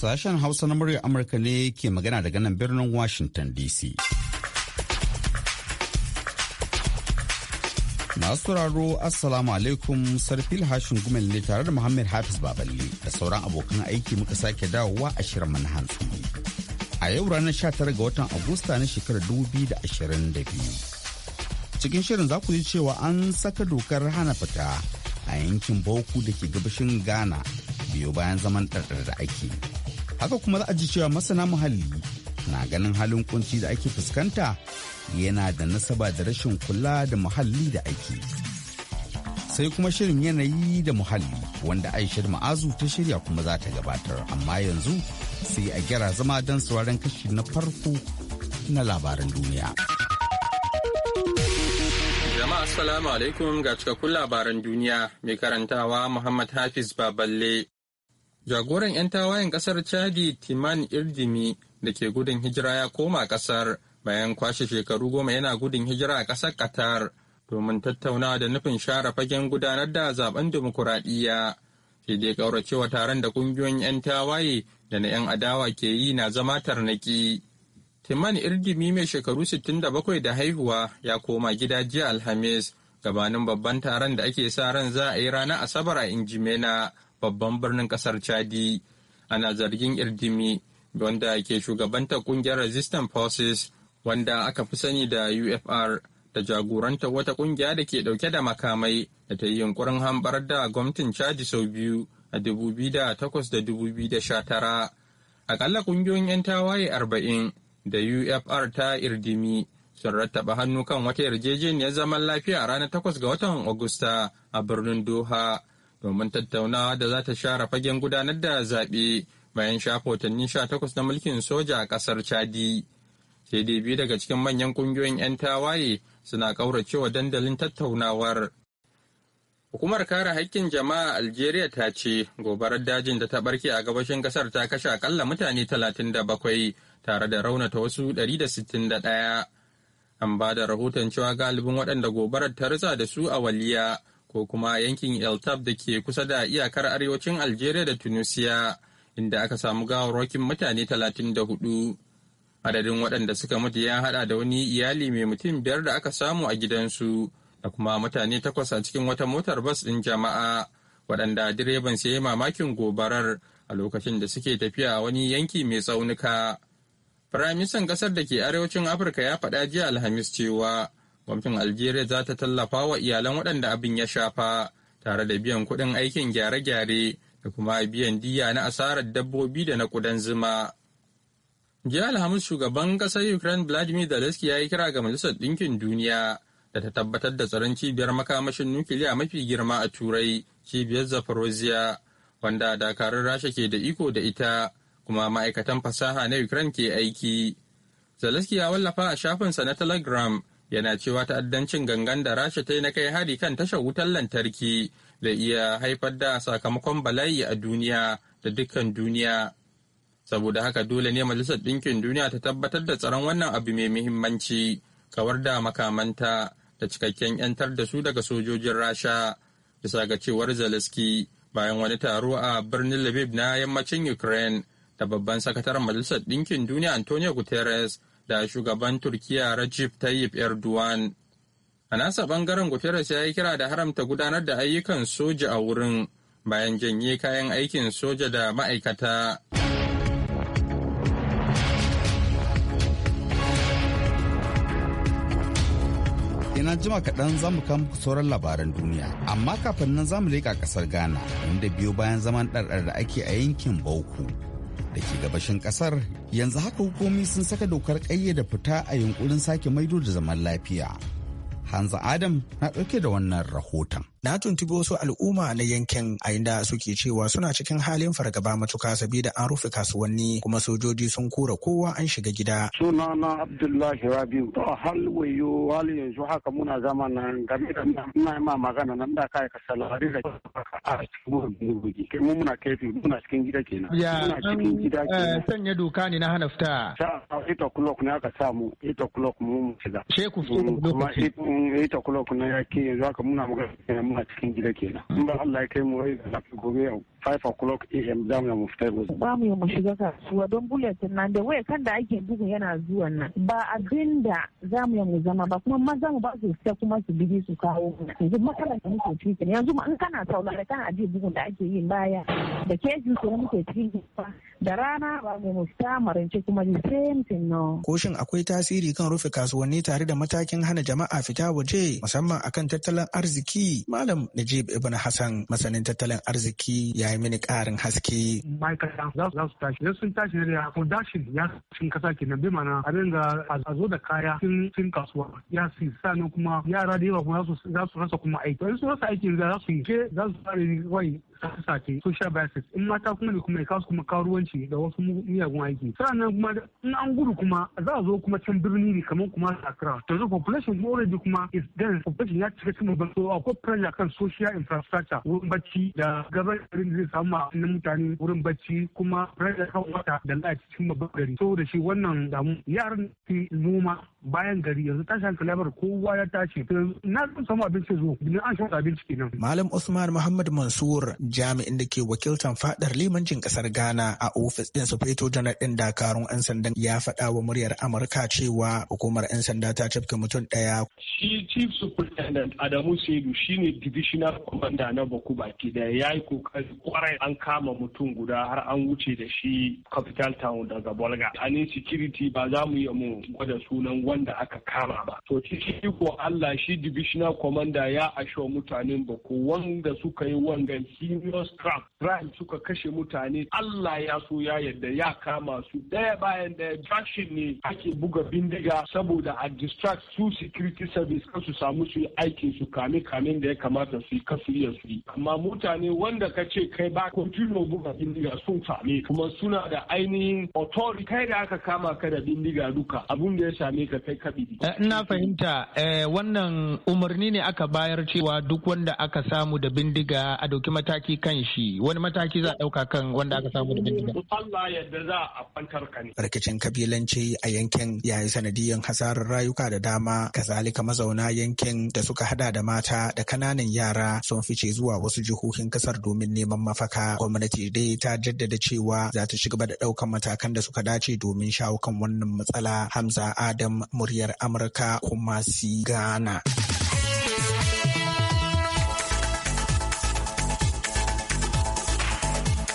Sashen Hausa na muryar Amurka ne ke magana daga nan birnin Washington DC. Masu sauraro Assalamu alaikum Sarfil Hashin Gumel ne tare da Muhammad Hafiz Baballe da sauran abokan aiki muka sake dawowa a shirin mana A yau ranar 19 ga watan Agusta na shekarar 2022. cikin shirin za ku ji cewa an saka dokar hana fita a yankin boku da ke gabashin ghana biyo bayan zaman ɗarɗar da ake haka kuma za a ji cewa masana muhalli na ganin halin kunci da ake fuskanta yana da nasaba da rashin kula da muhalli da ake sai kuma shirin yanayi da muhalli wanda aisha ma'azu ta shirya kuma za ta gabatar amma yanzu sai a gyara zama don sauraron kashi na farko na labaran duniya jama'a salamu alaikum ga cikakkun labaran duniya mai karantawa muhammad hafiz baballe jagoran 'yan tawayen kasar chadi timan irdimi da ke gudun hijira ya koma kasar bayan kwashe shekaru goma yana gudun hijira a kasar qatar domin tattaunawa da nufin share fagen gudanar da zaben dimokuraɗiyya sai dai kauracewa taron da ƙungiyoyin 'yan tawaye da na 'yan adawa ke yi na zama tarnaki timan irdimi mai shekaru sittin da bakwai da haihuwa ya koma gida jiya alhamis gabanin babban taron da ake sa ran za a yi ranar asabar a injimena babban birnin kasar chadi ana zargin irdimi wanda ke shugabantar kungiyar resistant forces wanda aka fi sani da ufr da jagoranta wata kungiya da ke dauke da makamai da ta yi yunkurin hambar da gwamnatin chadi sau biyu a 2008 da 2019 akalla kungiyoyin 'yan tawaye 40 da ufr ta irdimi sun rattaba hannu kan wata yarjejeniyar zaman lafiya ranar 8 ga watan Agusta a birnin Doha domin tattaunawa da za ta share fagen gudanar da zaɓe bayan shafa watanni takwas na mulkin soja a ƙasar Chadi. Sai dai biyu daga cikin manyan ƙungiyoyin 'yan tawaye suna ƙauracewa dandalin tattaunawar. Hukumar kare haƙƙin jama'a Algeria ta ce gobarar dajin da ta barke a gabashin ƙasar ta kashe akalla mutane 37 tare da raunata wasu 161. An ba da rahoton cewa galibin waɗanda gobarar ta rutsa da su a waliya ko kuma yankin eltab da ke kusa da iyakar arewacin algeria da tunisia inda aka samu gawarwakin mutane 34 adadin waɗanda suka mutu ya hada da wani iyali mai mutum biyar da aka samu a gidansu da kuma mutane takwas a cikin wata motar bas ɗin jama'a waɗanda direban sai ya mamakin gobarar a lokacin da suke tafiya a wani yanki mai tsaunuka. Firaministan ƙasar da ke arewacin Afirka ya faɗa jiya Alhamis cewa gwamnatin algeria za ta tallafa wa iyalan waɗanda abin ya shafa tare da biyan kuɗin aikin gyare-gyare da kuma biyan diya na asarar dabbobi da na kudan zuma. Jiya Alhamis shugaban ƙasar Ukraine Vladimir Zelensky ya yi kira ga Majalisar Ɗinkin Duniya da ta tabbatar da tsaron cibiyar makamashin nukiliya mafi girma a Turai, cibiyar Zaporozhia, wanda dakarun Rasha ke da iko da ita, kuma ma'aikatan fasaha na Ukraine ke aiki. Zelensky ya wallafa a shafinsa na Telegram yana cewa ta'addancin gangan da rasha ta yi na kai hari kan tashar wutar lantarki da iya haifar da sakamakon bala'i a duniya da dukkan duniya saboda haka dole ne majalisar ɗinkin duniya ta tabbatar da tsaron wannan abu mai muhimmanci kawar da makamanta da cikakken 'yantar da su daga sojojin rasha bisa ga cewar zelensky bayan wani taro a birnin lviv na yammacin ukraine da babban sakataren majalisar ɗinkin duniya antonio guterres da shugaban Turkiya Recep Tayyip Erdogan. A nasa bangaren Guterres ya yi kira da haramta gudanar da ayyukan soja a wurin bayan janye kayan aikin soja da ma'aikata. Ina jima kaɗan za mu kama sauran labaran duniya, amma kafin nan za mu leƙa ƙasar Ghana, wanda biyo bayan zaman ɗarɗar da ake a yankin Bauku. da ke gabashin kasar yanzu haka hukumi sun saka dokar da fita a yunkurin sake maido da zaman lafiya. Hanza Adam na ɗauke da wannan rahoton. na tuntubi wasu al'umma na yankin a inda suke cewa suna cikin halin fargaba matuka sabida an rufe kasuwanni kuma sojoji sun kura kowa an shiga gida. Sunana Abdullahi Rabiu. To hal wayo hali yanzu haka muna zama nan game da muna ma magana nan da kai ka salari da a cikin Kai mu muna kefi muna cikin gida kenan. Ya cikin gida eh, kenan. Sanya doka ne na hana fita. Sha ita o'clock ne aka samu ita o'clock mu mu shiga. Sheku fito. Kuma Ita o'clock ne ke yanzu haka muna magana amma a cikin gida kenan in ba Allah ya kai mu wai da lafiya gobe yau 5 o'clock am za mu mu fita mu ba mu yi mu shiga kasuwa don bulet na. da waya kan da ake bugu yana zuwa nan ba abin da za mu mu zama ba kuma maza mu ba su fita kuma su bigi su kawo yanzu makaranta muke cikin yanzu an kana saurare kan aje bugun da ake yin baya da keji su muke cikin da rana ba mu mu fita kuma the same thing no ko shin akwai tasiri kan rufe kasuwanni tare da matakin hana jama'a fita waje musamman akan tattalin arziki malam Najib Ibn Hassan masanin tattalin arziki ya yi mini ƙarin haske. Ma'aikata za su tashi, idan sun tashi ne ya production ya sun kasa kenan bi mana a dinga a zo da kaya cikin kasuwa ya su sanin kuma yara da yawa kuma za su rasa kuma aiki. Wani su rasa aiki za su yi ke za su fara wai sace social biases in mata kuma ne kuma ya kasu kuma karuwanci da wasu miyagun aiki sannan kuma in an gudu kuma za a zo kuma can birni ne kamar kuma Accra to the population kuma already kuma is then population ya cika cikin babban so akwai pressure kan social infrastructure wurin bacci da gaban zai samu a mutane wurin bacci kuma rage kan wata da a cikin babban gari saboda shi wannan damu yaran fi noma bayan gari yanzu tashi hankali kalabar kowa ya tashi na zan samu abinci zo idan an shafa abinci kenan. Malam Usman Muhammad Mansur jami'in da ke wakiltan fadar limancin kasar Ghana a ofis din Sufeto Janar din Dakarun 'yan sandan ya faɗa wa muryar Amurka cewa hukumar 'yan sanda ta cafke mutum ɗaya. Shi Chief Superintendent Adamu Sedu shine Divisional Commander na Baku baki da ya yi kokari kwarai an kama mutum guda har an wuce da shi capital town daga bolga Ani security ba za mu yi mu gwada sunan wanda aka kama ba to ciki ko allah shi divisional commander ya asho mutanen bako wanda suka yi wangan serious crime crime suka kashe mutane allah ya so ya yadda ya kama su daya bayan daya junction ne ake buga bindiga saboda a distract su security service kasu samu su yi aikin su kame kamen da ya kamata su yi kasu iya su yi amma mutane wanda ka ce kai ba continuo buga bindiga sun same kuma suna da ainihin authority kai da aka kama ka da bindiga duka abun da ya same ka kai kabi eh, Ina fahimta eh, wannan umarni ne aka bayar cewa duk wanda aka samu da bindiga a dauki mataki kan shi wani mataki za a dauka kan wanda aka samu da bindiga. Allah yadda za a kwantar ka ne. Rikicin kabilanci a yankin yayi sanadiyan hasarar rayuka da dama kazalika mazauna yankin da suka hada da mata da kananan yara sun fice zuwa wasu jihohin kasar domin neman mafaka gwamnati dai ta jaddada cewa za ta shiga da ɗaukan matakan da suka dace domin shawo kan wannan matsala hamza adam muryar amurka kuma si ghana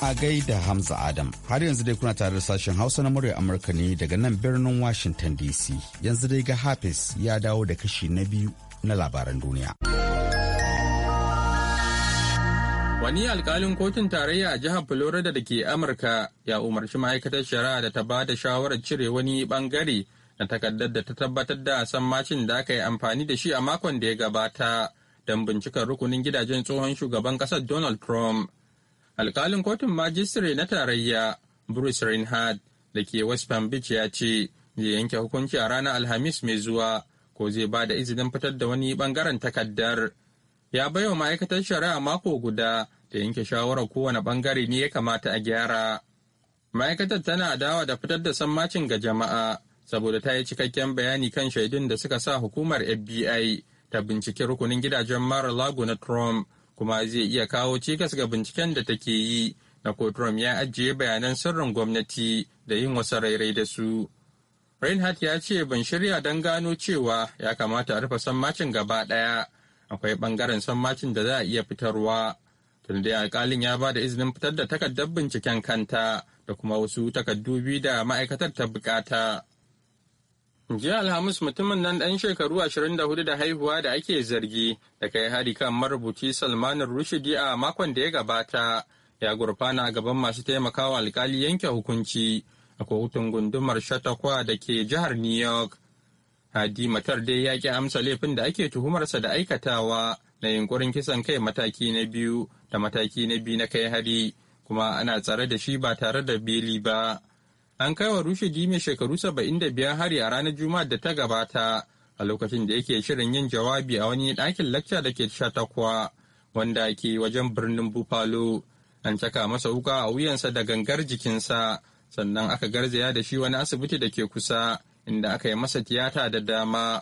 a gaida Hamza Adam. Har yanzu dai kuna tare da sashen Hausa na murya Amurka ne daga nan birnin Washington DC. Yanzu dai ga Hafiz ya dawo da kashi na biyu na labaran duniya. Wani alkalin kotun tarayya a jihar Florida da ke Amurka ya umarci ma'aikatar shari'a da ta ba da shawarar cire wani bangare na takardar da ta tabbatar da macin da aka yi amfani da shi a makon da ya gabata don bincikar rukunin gidajen tsohon shugaban ƙasar Donald Trump. Alkalin kotun majistare na tarayya Bruce Reinhardt da ke West Palm Beach ya ce zai yanke hukunci a ranar Alhamis mai zuwa ko zai ba da izinin fitar da wani bangaren takardar. ya baiwa ma'aikatar shari'a mako guda da yanke shawarar kowane bangare ne ya kamata a gyara. Ma'aikatar tana dawa da fitar da sammacin ga jama'a saboda ta yi cikakken bayani kan shaidun da suka sa hukumar FBI ta binciki rukunin gidajen mara lago na Trump kuma zai iya kawo cikas ga binciken da take yi na ko Trump ya ajiye bayanan sirrin gwamnati da yin wasu rairai da su. Reinhardt ya ce ban shirya don gano cewa ya kamata a rufe sammacin gaba ɗaya akwai bangaren sammacin da za a iya fitarwa tunda dai alkalin ya ba da izinin fitar da takardar binciken kanta da kuma wasu takardu biyu da ma'aikatar ta bukata. jiya alhamis mutumin nan ɗan shekaru ashirin da hudu da haihuwa da ake zargi da kai hari kan marubuci salman rushidi a makon da ya gabata ya gurfana a gaban masu taimakawa alkali yanke hukunci a kotun gundumar shatakwa da ke jihar new york Hadi Matar dai ya ƙi amsa laifin da ake tuhumarsa da aikatawa na yunkurin kisan kai mataki na biyu da mataki na biyu na kai hari kuma ana tsare da shi ba tare da beli ba. An kai wa rushe mai shekaru saba'in da biyar hari a ranar Juma'ar da ta gabata a lokacin da yake shirin yin jawabi a wani ɗakin lacca da ke Shatakwa wanda ke wajen birnin Buffalo. An caka masa wuka a wuyansa da gangar jikinsa sannan aka garzaya da shi wani asibiti da ke kusa. inda aka yi masa tiyata da dama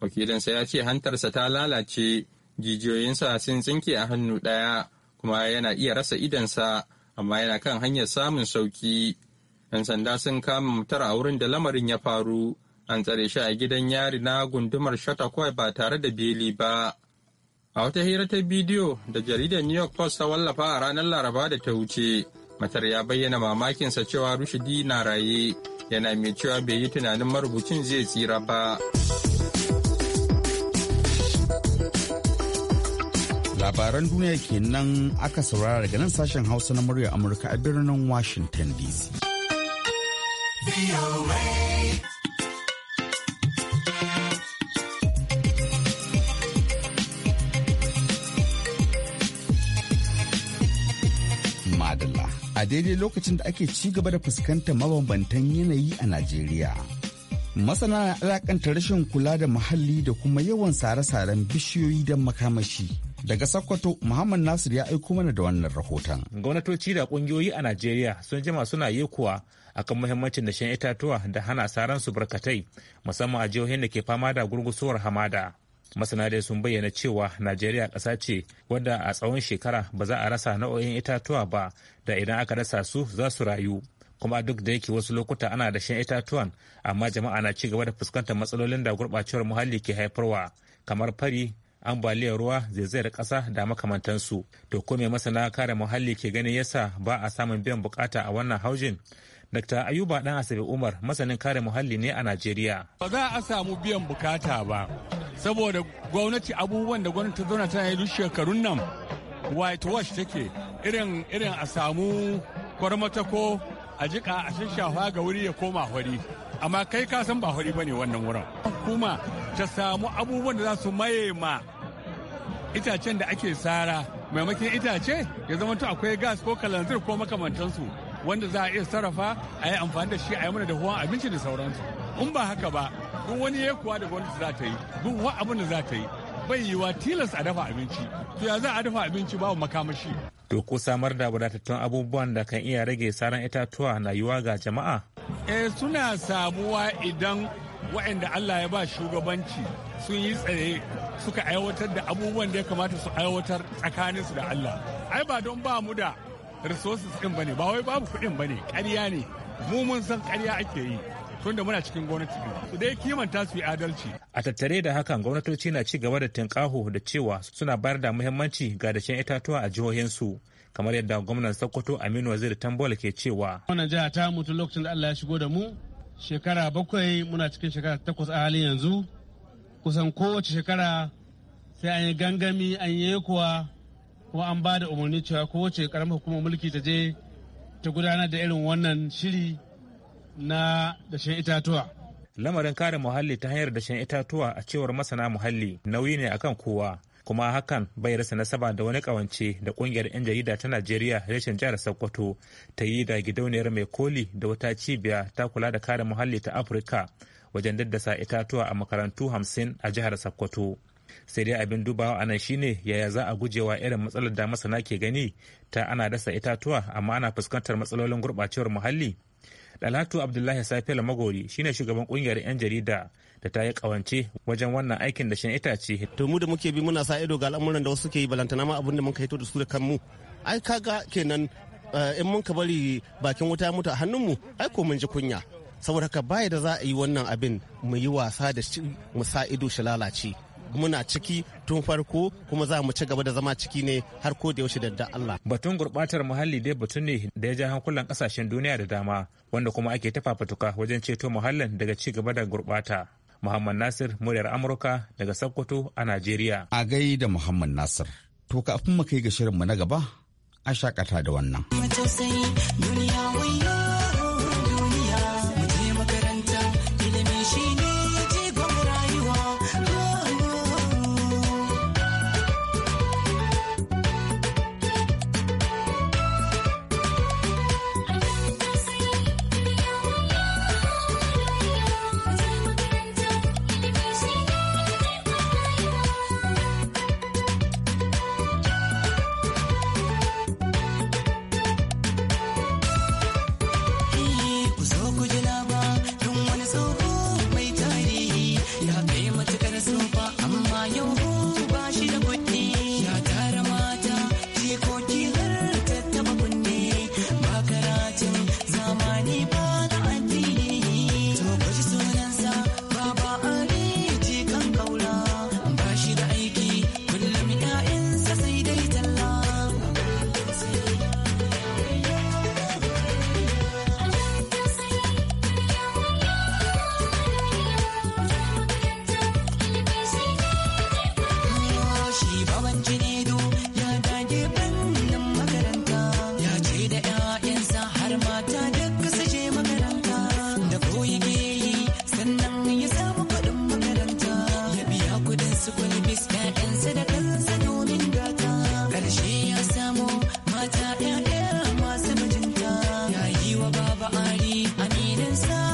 wakilinsa ya ce hantarsa ta lalace jijiyoyinsa sun tsinke a hannu ɗaya kuma yana iya rasa idansa amma yana kan hanyar samun sauki 'yan sanda sun kama mutar a wurin da lamarin ya faru an tsare shi a gidan yari na gundumar shatakwai ba tare da beli ba a wata hira ta bidiyo da jaridar new york post ta wallafa a ranar laraba da ta wuce matar ya bayyana mamakinsa cewa rushidi na raye yana mai cewa bai yi tunanin marubucin zai tsira ba. Labaran duniya kenan aka saurara daga nan sashen Hausa na murya Amurka a birnin Washington DC. daidai lokacin da ake ci gaba da fuskantar mabambantan yanayi a Najeriya. Masana na alakanta rashin kula da muhalli da kuma yawan sare-saren bishiyoyi don makamashi. Daga Sokoto, Muhammad Nasir ya aiko mana da wannan rahoton. Gwamnatoci da ƙungiyoyi a Najeriya sun jima suna yekuwa akan muhimmancin dashen itatuwa da hana saran su barkatai, musamman a jihohin da ke fama da gurgusuwar hamada. masana dai sun bayyana cewa najeriya ƙasa ce wadda a tsawon shekara ba za a rasa nau'o'in itatuwa ba da idan aka rasa su za su rayu kuma duk da yake wasu lokuta ana da shan itatuwan amma jama'a na ci gaba da fuskantar matsalolin da gurɓacewar muhalli ke haifarwa kamar fari ambaliyar ruwa zaizayar ƙasa da makamantansu to ko mai masana kare muhalli ke ganin yasa ba a samun biyan bukata a wannan haujin Dr. Ayuba Dan Asabe Umar masanin kare muhalli ne a Najeriya. Ba za a samu biyan bukata ba saboda gwamnati abubuwan da gwamnati zauna tana yi shekarun nan white wash take irin irin a samu kwarmata ko a jika a shashafa ga wuri ya koma hori amma kai ka san ba hori bane wannan wurin kuma ta samu abubuwan da za su maye ma itacen da ake sara maimakon itace ya zama to akwai gas ko kalanzir ko makamantansu wanda za a iya sarrafa a yi amfani da shi a yi mana da huwan abinci da sauransu in ba haka ba duk wani ya kuwa da gwamnati za ta yi duk wa abin da za ta yi bai yiwa tilas a dafa abinci to ya za a dafa abinci babu makamashi to ko samar da wadatattun abubuwan da kan iya rage saran itatuwa na yiwa ga jama'a eh suna sabuwa idan waɗanda Allah ya ba shugabanci sun yi tsaye suka aiwatar da abubuwan da ya kamata su aiwatar tsakaninsu da Allah ai ba don ba mu da resources din bane ba wai babu kuɗin bane ƙarya ne mu mun san ƙarya ake yi tun da muna cikin gwamnati su dai kimanta su yi adalci a tattare da hakan gwamnatoci na ci gaba da tinkaho da cewa suna bayar da muhimmanci ga dashen itatuwa a jihohinsu kamar yadda gwamnan sokoto aminu waziri tambola ke cewa wannan jiha ta mutu lokacin da allah ya shigo da mu shekara bakwai muna cikin shekara takwas a halin yanzu kusan kowace shekara sai an yi gangami an yi kuwa kuma an ba da umarni cewa kowace karamar hukumar mulki ta je ta gudanar da irin wannan shiri na dashen itatuwa. Lamarin kare muhalli ta hanyar dashen itatuwa a cewar masana muhalli nauyi ne akan kowa. kuma hakan bai rasa nasaba da wani kawance da kungiyar 'yan jarida ta najeriya reshen jihar sokoto ta yi da gidauniyar mai koli da wata cibiya ta kula da kare muhalli ta afirka wajen daddasa itatuwa a makarantu hamsin a jihar sokoto sai dai abin dubawa anan shine yaya za a gujewa irin matsalar da masana ke gani ta ana dasa itatuwa amma ana fuskantar matsalolin gurɓacewar muhalli Dalatu Abdullahi Safiyar Magori shine shugaban kungiyar 'yan jarida da ta yi kawance wajen wannan aikin da shan itace. To mu da muke bi muna sa ido ga al'amuran da wasu ke yi balantana ma abin da muka hito da su da kanmu. Ai kaga kenan eh, in mun ka bari bakin wuta ya mutu a hannunmu ai ko mun ji kunya. Saboda haka baya da za a yi wannan abin mu yi wasa da shi mu sa ido shi lalace. muna ciki tun farko kuma za mu ci gaba da zama ciki ne har ko da yaushe da da Allah. Batun gurbatar muhalli dai batun ne da ya ja hankulan kasashen duniya da dama wanda kuma ake ta fafatuka wajen ceto muhallin daga ci gaba da gurbata. Muhammad Nasir muryar Amurka daga Sokoto a Najeriya. A gai da Muhammad Nasir. To kafin mu kai ga shirinmu na gaba a shakata da wannan. I need inside.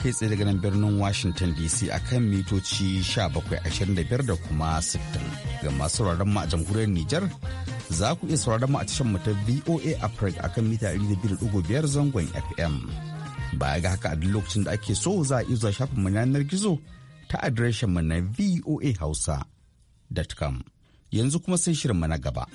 kai tsaye daga nan birnin Washington DC a kan mitoci 1725 da kuma 60. Ga masu sauraron mu a jamhuriyar Nijar, za ku iya sauraron mu a tashar mu ta VOA Africa a kan mita 200.5 zangon FM. Baya ga haka a duk lokacin da ake so za a iya zuwa shafin mu yanar gizo ta adireshin mu na voahausa.com. Yanzu kuma sai shirin mu na gaba.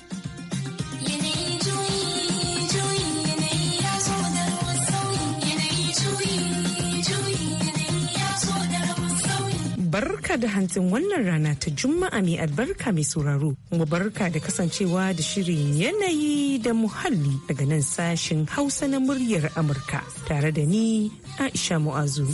barka da hantin wannan rana ta Juma'a mai albarka mai sauraro. Mu barka da kasancewa da shirin yanayi da muhalli daga nan sashin Hausa na muryar Amurka tare da ni Aisha Mu'azu.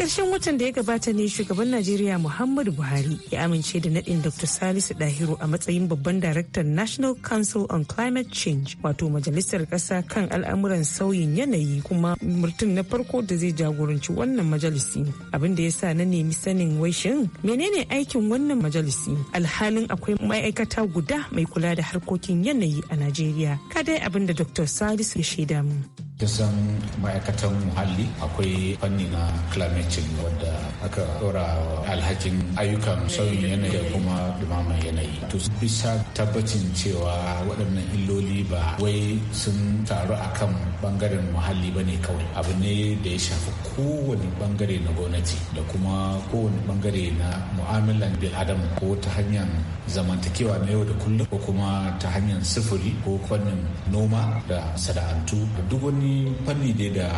Karshen watan da ya gabata ne shugaban Najeriya Muhammadu Buhari ya amince da naɗin Dr. Salisu Dahiru a matsayin babban daraktan National Council on Climate Change wato majalisar Kasa kan al'amuran sauyin yanayi kuma mutum na farko da zai jagoranci wannan majalisi. Abin da ya sa na nemi sanin waishin. menene aikin wannan majalisi alhalin akwai ma'aikata guda mai kula da harkokin yanayi a Najeriya. Kadai abin da Dr. Salisu ya shaida mu. kisan ma'aikatan muhalli akwai fanni na climate change wadda aka tsora alhakin ayyukan sauyin yanayi da kuma dumaman yanayi to bisa tabbacin cewa waɗannan illoli ba wai sun taru a kan bangaren muhalli ba ne kawai abu ne da ya shafi kowane bangare na gwamnati da kuma kowane bangare na mu'amalan bil adam ko ta hanyar zamantakewa na yau da kullum ko kuma ta hanyar sufuri ko fannin noma da sana'antu duk wani wani fanni ne da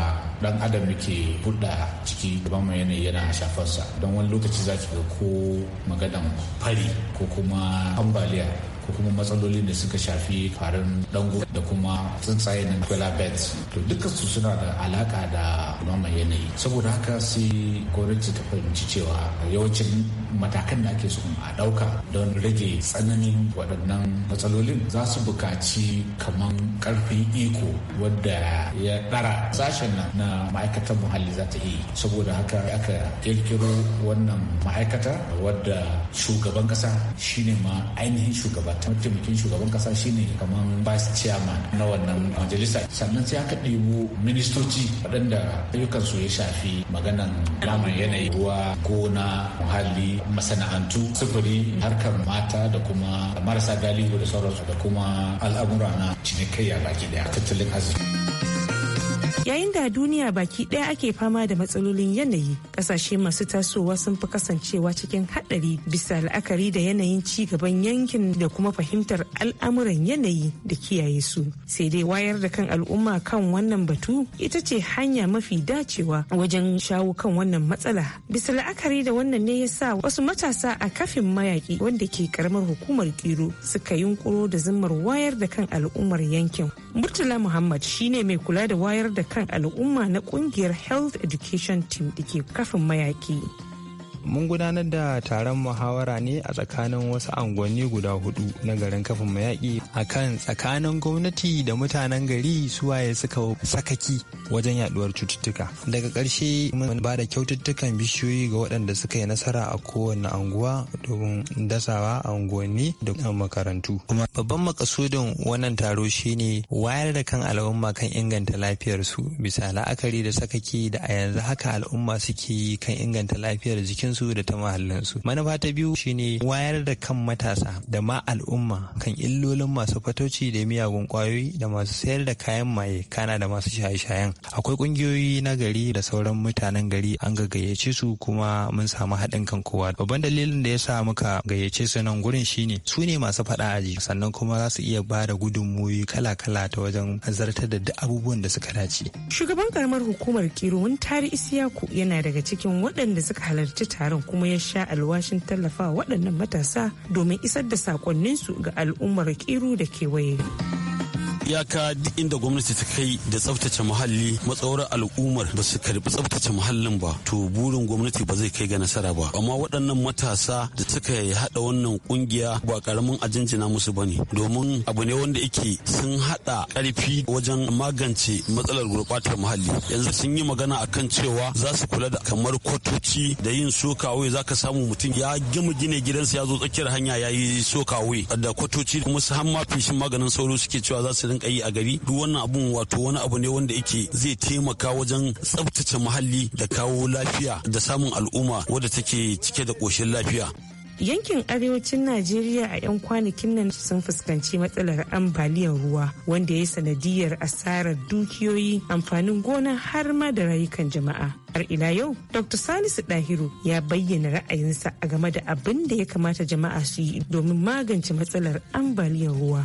dan adam yake hulɗa ciki daban mai yanayi yana shafarsa don wani lokaci za ki ga ko maganan fari ko kuma ambaliya ko kuma matsaloli da suka shafi farin dango da kuma tsuntsaye na bet. to duka su suna da alaka da mama yanayi saboda haka sai gwamnati ta fahimci cewa yawancin matakan da ake so a ɗauka don rage tsananin waɗannan matsalolin za su buƙaci kamar ƙarfin iko wadda ya ɗara sashen nan na ma'aikatar muhalli za ta yi saboda haka aka ƙirƙiro wannan ma'aikata wadda shugaban ƙasa shine ma ainihin shugaban ta mataimakin shugaban kasa shine kamar vice chairman na wannan majalisa sannan sai aka ɗebo ministoci waɗanda ayyukan su ya shafi maganan laman yanayi ruwa gona muhalli masana'antu sufuri harkar mata da kuma marasa galihu da sauransu da kuma al'amura na cinikayya baki daya tattalin arziki. yayin da duniya baki ɗaya ake fama da matsalolin yanayi ƙasashe masu tasowa sun fi kasancewa cikin haɗari bisa la'akari da yanayin ci gaban yankin da kuma fahimtar al'amuran yanayi da kiyaye su sai dai wayar da kan al'umma kan wannan batu ita ce hanya mafi dacewa wajen shawo kan wannan matsala bisa la'akari da wannan ne yasa wasu matasa a kafin mayaki. wanda ke karamar hukumar kiro suka yunkuro da zimmar wayar da kan al'ummar yankin murtala muhammad shine mai kula da wayar da kan al'umma na kungiyar health education team da ke kafin mayaki mun gudanar da taron muhawara ne a tsakanin wasu angonni guda hudu na garin kafin mayaƙi a kan tsakanin gwamnati da mutanen gari suwaye suka sakaki wajen yaduwar cututtuka daga ƙarshe mun ba da kyaututtukan bishiyoyi ga waɗanda suka yi nasara a kowane anguwa domin dasawa a unguwanni da makarantu kuma babban makasudin wannan taro shine wayar da kan al'umma kan inganta lafiyarsu bisa la'akari da sakaki da a yanzu haka al'umma suke kan inganta lafiyar jikin su da ta mahallinsu manufa ta biyu shine wayar da kan matasa da ma al'umma kan illolin masu fatoci da miyagun kwayoyi da masu sayar da kayan maye kana da masu shaye-shayen akwai ƙungiyoyi na gari da sauran mutanen gari an ga gayyace su kuma mun samu haɗin kan kowa babban dalilin da ya sa muka gayyace su nan gurin shine su ne masu faɗa aji sannan kuma za su iya ba da gudunmuwoyi kala-kala ta wajen zartar da duk abubuwan da suka dace shugaban karamar hukumar mun tari isiyaku yana daga cikin waɗanda suka halarci taron kuma ya sha alwashin tallafa waɗannan matasa domin isar da sakonninsu ga al'ummar kiru da kewaye. iyaka duk inda gwamnati ta kai da tsaftace muhalli matsaurar al'ummar ba su karbi tsaftace muhallin ba to burin gwamnati ba zai kai ga nasara ba amma waɗannan matasa da suka haɗa wannan kungiya ba karamin ajinjina musu ba ne domin abu ne wanda yake sun haɗa ƙarfi wajen magance matsalar gurɓatar muhalli yanzu sun yi magana a kan cewa za su kula da kamar kwatoci da yin soka wai za ka samu mutum ya gama gine gidansa ya zo tsakiyar hanya ya yi soka wai da kwatoci kuma su hamma fishin maganin sauro suke cewa za su rinka yi a gari duk wannan abun wato wani abu ne wanda yake zai taimaka wajen tsabtace muhalli da kawo lafiya da samun al'umma wadda take cike da koshin lafiya yankin arewacin najeriya a 'yan kwanakin nan sun fuskanci matsalar ambaliyar ruwa wanda ya sanadiyar asarar dukiyoyi amfanin gona har ma da rayukan jama'a har ila yau dr salisu dahiru ya bayyana ra'ayinsa a game da abin da ya kamata jama'a su yi domin magance matsalar ambaliyar ruwa.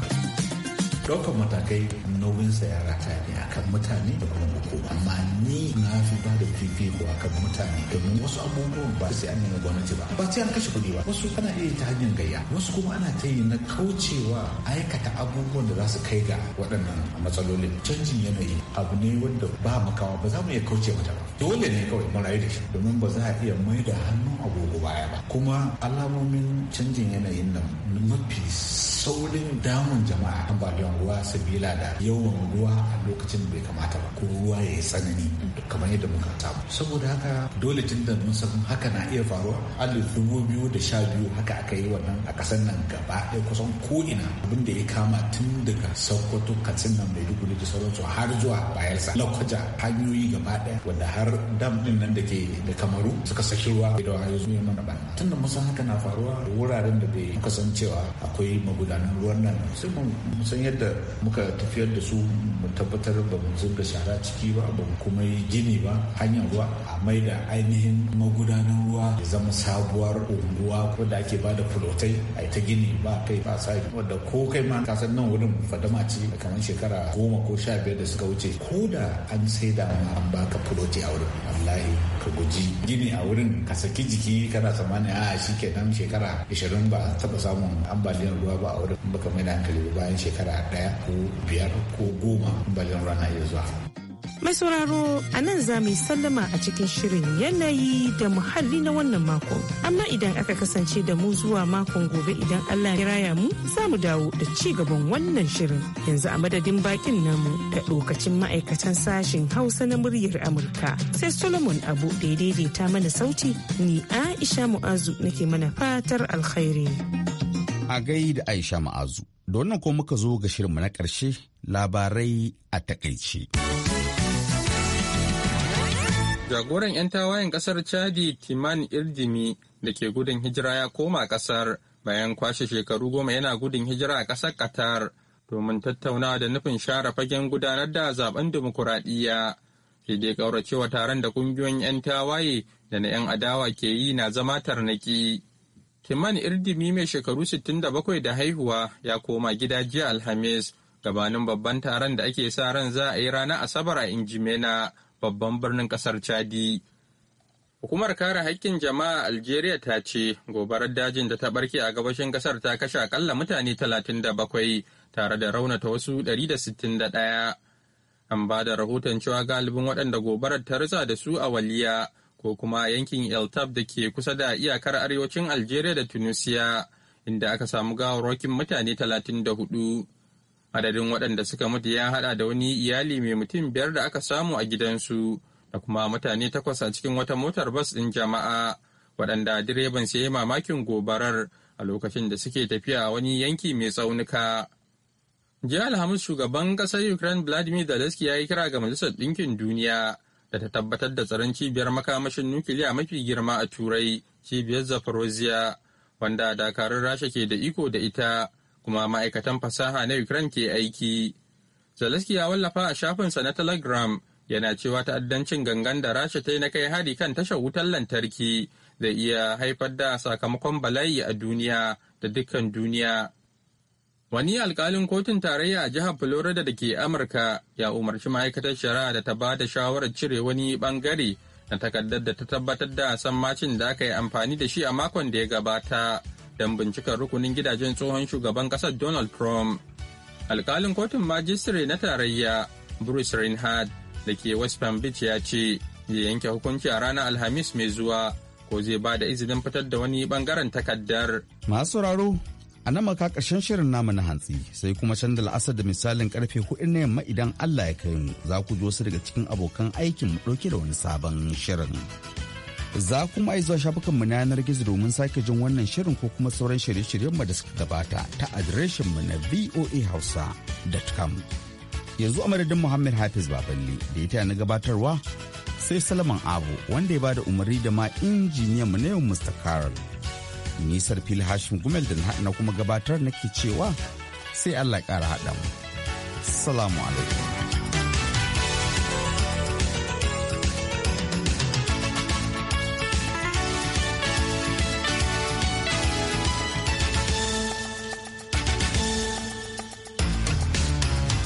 ɗaukar matakai nauyinsa ya rata ne akan mutane da kuma hukuma amma ni na fi ba da fifiko akan mutane domin wasu abubuwan ba sai an nuna gwamnati ba ba sai an kashe kuɗi ba wasu ana iya ta hanyar gayya wasu kuma ana ta yi na kaucewa aikata abubuwan da za su kai ga waɗannan matsalolin canjin yanayi abu ne wanda ba makawa ba za mu iya kauce mata ba dole ne kawai mu rayu da shi domin ba za a iya mai da hannun agogo baya ba kuma alamomin canjin yanayin nan mafi saurin damun jama'a ambaliyan ruwa sabila da yawan ruwa a lokacin bai kamata ba ko ruwa ya yi tsanani kamar yadda muka samu saboda haka dole tun da mun san haka na iya faruwa alif dubu biyu da sha biyu haka aka yi wannan a kasan nan gaba ɗaya kusan ko'ina abin da ya kama tun daga sokoto mai dubu da sauransu har zuwa bayelsa lakwaja hanyoyi gaba ɗaya wanda har dam ɗin nan da ke da kamaru suka saki ruwa da wayo zuwa mana ba tun da mun san haka na faruwa wuraren da bai kasancewa akwai magudanar magudanan ruwan nan sai mun san yadda muka tafiyar da su mu tabbatar ba mu da shara ciki ba ba kuma yi gini ba hanyar ruwa a mai da ainihin magudanan ruwa ya zama sabuwar unguwa ko da ake ba da fulotai a ta gini ba kai ba sai wanda ko kai ma ka san nan wurin fadama ce kamar shekara goma ko sha biyar da suka wuce ko da an sai da ma an baka fuloti a wurin wallahi ka guji gini a wurin ka saki jiki kana tsammani a shi kenan shekara 20 ba taba samun ambaliyar ruwa ba aure baka mai hankali bayan shekara ɗaya ko biyar ko goma balin rana ya zuwa. Mai sauraro a nan za mu yi sallama a cikin shirin yanayi da muhalli na wannan mako. Amma idan aka kasance da mu zuwa makon gobe idan Allah ya raya mu za mu dawo da ci gaban wannan shirin. Yanzu a madadin bakin namu da lokacin ma'aikatan sashen Hausa na muryar Amurka. Sai Solomon Abu da ya daidaita mana sauti ni Aisha Mu'azu nake mana fatar alkhairi. A gai da Aisha Ma'azu. Da wannan ko muka zo ga shirinmu na ƙarshe labarai a takaice. Jagoran 'yan tawayen ƙasar Chadi Timan Irdimi da ke gudun hijira ya koma ƙasar bayan kwashe shekaru goma yana gudun hijira a ƙasar Qatar domin tattaunawa da nufin share fagen gudanar da zaben dimokuraɗiyya. Sai dai ƙauracewa taron da ƙungiyoyin 'yan tawaye da na 'yan adawa ke yi na zama tarnaki. Kimani Irdimi mai shekaru 67 da haihuwa ya koma gida jiya Alhamis gabanin babban taron da ake sa ran za a yi ranar Asabar a Injimena babban birnin kasar Chadi. Hukumar kare haƙƙin jama'a Algeria ta ce gobarar dajin da ta barke a gabashin kasar ta kashe akalla mutane 37 tare da raunata wasu 161. An ba da rahoton cewa galibin waɗanda gobarar ta rasa da su a waliya ko kuma yankin eltab da ke kusa da iyakar arewacin algeria da tunisia inda aka samu gawarwakin mutane 34 adadin waɗanda suka mutu ya hada da wani iyali mai mutum biyar da aka samu a gidansu da kuma mutane takwas a cikin wata motar bas ɗin jama'a waɗanda direban sai ya mamakin gobarar a lokacin da suke tafiya a wani yanki mai tsaunuka. Jiya Alhamis shugaban ƙasar Ukraine Vladimir Zelensky ya yi kira ga Majalisar Ɗinkin Duniya da ta tabbatar da tsaron cibiyar makamashin nukiliya mafi girma a turai cibiyar zaporozhia wanda dakarun rasha ke da iko da ita kuma ma'aikatan fasaha na ukraine ke aiki zelensky ya wallafa a shafinsa na telegram yana cewa ta'addancin gangan da rasha ta yi na kai hari kan tashar wutar lantarki zai iya haifar da sakamakon bala'i a duniya da dukkan duniya Wani alkalin kotun tarayya a jihar Florida da ke Amurka ya umarci ma'aikatar shari'a da ta ba da shawarar cire wani bangare na takardar da ta tabbatar da sammacin da aka yi amfani da shi a makon da ya gabata don bincikar rukunin gidajen tsohon shugaban ƙasar Donald Trump. Alkalin kotun majistire na tarayya Bruce Reinhardt da ke West Palm Beach ya ce zai yanke hukunci a ranar Alhamis mai zuwa ko zai ba da izinin fitar da wani bangaren takardar. Masu A nan maka ƙarshen shirin namu na hantsi sai kuma can la'asar da misalin karfe hudu na yamma idan Allah ya kai mu za ku ji wasu daga cikin abokan aikin mu ɗauke da wani sabon shirin. Za kuma yi zuwa shafukanmu na yanar gizo domin sake jin wannan shirin ko kuma sauran shirye-shiryen mu da suka gabata ta adireshin mu na voahausa.com. Yanzu a madadin Muhammad Hafiz Baballe da ya taya na gabatarwa sai Salman Abu wanda ya bada umarni da ma injiniyan mu na yau Mr. Carol. Nisar fil Hashim Gumel da na kuma gabatar nake cewa sai Allah ƙara haɗa mu. Salamu alaikum.